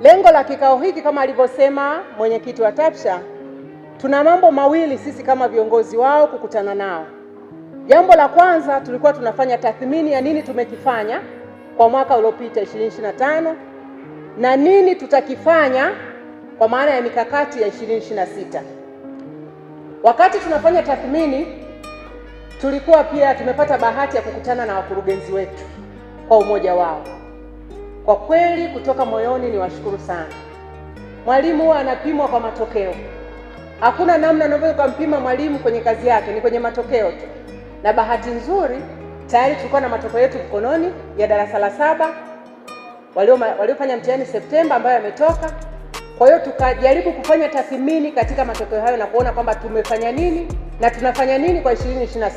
Lengo la kikao hiki kama alivyosema mwenyekiti wa TAPSHA, tuna mambo mawili sisi kama viongozi wao kukutana nao. Jambo la kwanza tulikuwa tunafanya tathmini ya nini tumekifanya kwa mwaka uliopita 2025 na nini tutakifanya kwa maana ya mikakati ya 2026. Wakati tunafanya tathmini, tulikuwa pia tumepata bahati ya kukutana na wakurugenzi wetu kwa umoja wao kwa kweli kutoka moyoni ni washukuru sana. Mwalimu huwa anapimwa kwa matokeo. Hakuna namna unaweza kumpima mwalimu kwenye kazi yake, ni kwenye matokeo tu. Na bahati nzuri tayari tulikuwa na matokeo yetu mkononi ya darasa la saba waliofanya walio mtihani Septemba ambayo yametoka. Kwa hiyo tukajaribu kufanya tathmini katika matokeo hayo na kuona kwamba tumefanya nini na tunafanya nini kwa 2026.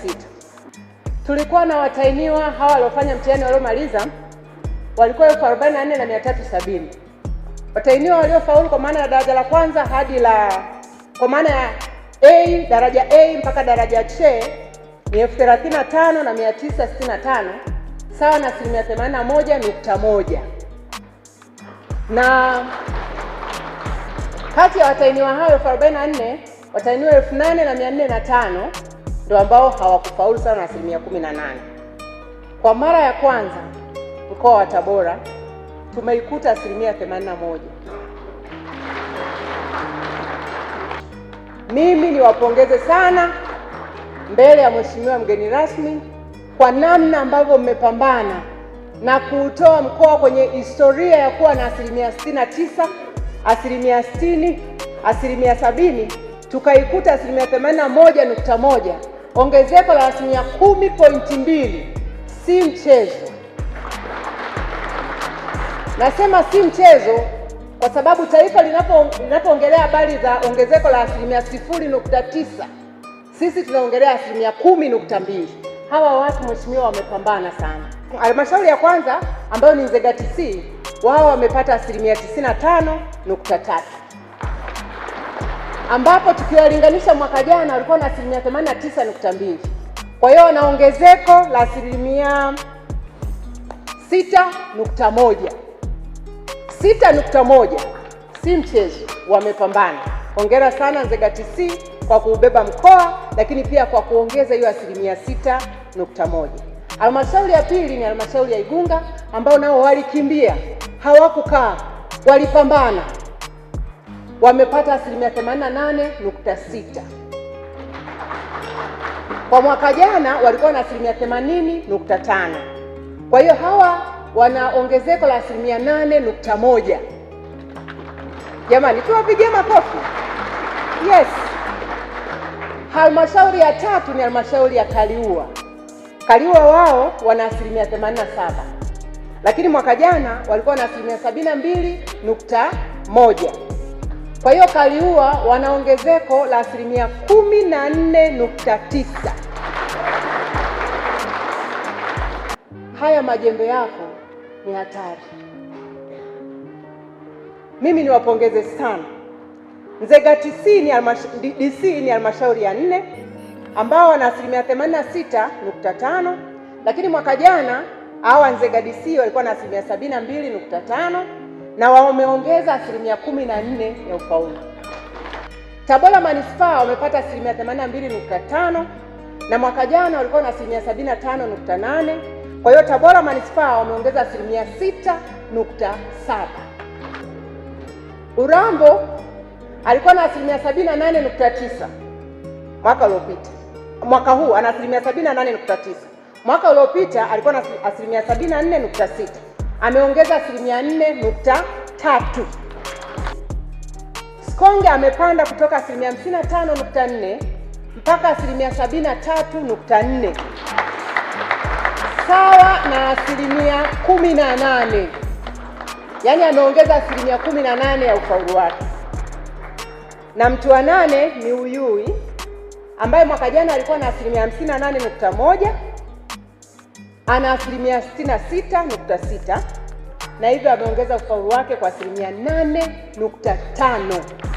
Tulikuwa na watainiwa hawa waliofanya mtihani waliomaliza walikuwa elfu arobaini na nne na mia tatu sabini watahiniwa waliofaulu kwa maana ya daraja la kwanza hadi la kwa maana ya A daraja A mpaka daraja C ni elfu thelathini na tano na mia tisa sitini na tano sawa na asilimia themanini na moja nukta moja na kati ya watainiwa hao elfu arobaini na nne watainiwa elfu nane na mia nne na tano ndo ambao hawakufaulu sawa na asilimia kumi na nane kwa mara ya kwanza mkoa wa Tabora tumeikuta asilimia 81. Mimi niwapongeze sana mbele ya mheshimiwa mgeni rasmi kwa namna ambavyo mmepambana na kuutoa mkoa kwenye historia ya kuwa na asilimia 69, asilimia 60, asilimia 70, tukaikuta asilimia 81.1. Ongezeko la asilimia 10.2 si mchezo. Nasema si mchezo kwa sababu taifa linapoongelea habari za ongezeko la asilimia sifuri nukta tisa sisi tunaongelea asilimia kumi nukta mbili. Hawa watu mheshimiwa, wamepambana sana. Halmashauri ya kwanza ambayo ni Nzega TC wao wamepata asilimia tisini na tano nukta tatu ambapo tukiwalinganisha mwaka jana walikuwa na asilimia themanini na tisa nukta mbili kwa hiyo na ongezeko la asilimia sita nukta moja sita nukta moja si mchezo, wamepambana. Hongera sana Nzega TC kwa kuubeba mkoa, lakini pia kwa kuongeza hiyo asilimia sita nukta moja. Halmashauri ya pili ni halmashauri ya Igunga ambao nao walikimbia, hawakukaa, walipambana, wamepata asilimia 88.6. Kwa mwaka jana walikuwa na asilimia 80.5. Kwa hiyo hawa wana ongezeko la asilimia nane nukta moja. Jamani, tuwapigie makofi. Yes. Halmashauri ya tatu ni halmashauri ya Kaliua. Kaliua wao wana asilimia 87, lakini mwaka jana walikuwa na asilimia 72.1. Kwa hiyo Kaliua wana ongezeko la asilimia 14.9. Haya majembe yako ni hatari. Mimi niwapongeze sana Nzega DC ni halmashauri ya nne ambao wana asilimia 86.5, lakini mwaka jana hawa Nzega DC walikuwa na asilimia 72.5 na wameongeza asilimia 14 ya ufaulu. Tabora manispaa wamepata asilimia 82.5 na mwaka jana walikuwa na asilimia 75.8 kwa hiyo Tabora manispaa wameongeza asilimia 6.7. Urambo alikuwa na asilimia 78.9 mwaka uliopita, mwaka huu ana asilimia 78.9, mwaka uliopita alikuwa na asilimia 74.6, ameongeza asilimia 4.3. skonge amepanda kutoka asilimia 55.4 mpaka asilimia 73.4 sawa na asilimia kumi na nane yaani ameongeza asilimia kumi na nane ya ufaulu wake. Na mtu wa nane ni Uyui ambaye mwaka jana alikuwa na asilimia hamsini na nane nukta moja ana asilimia sitini na sita nukta sita na hivyo ameongeza ufaulu wake kwa asilimia nane nukta tano.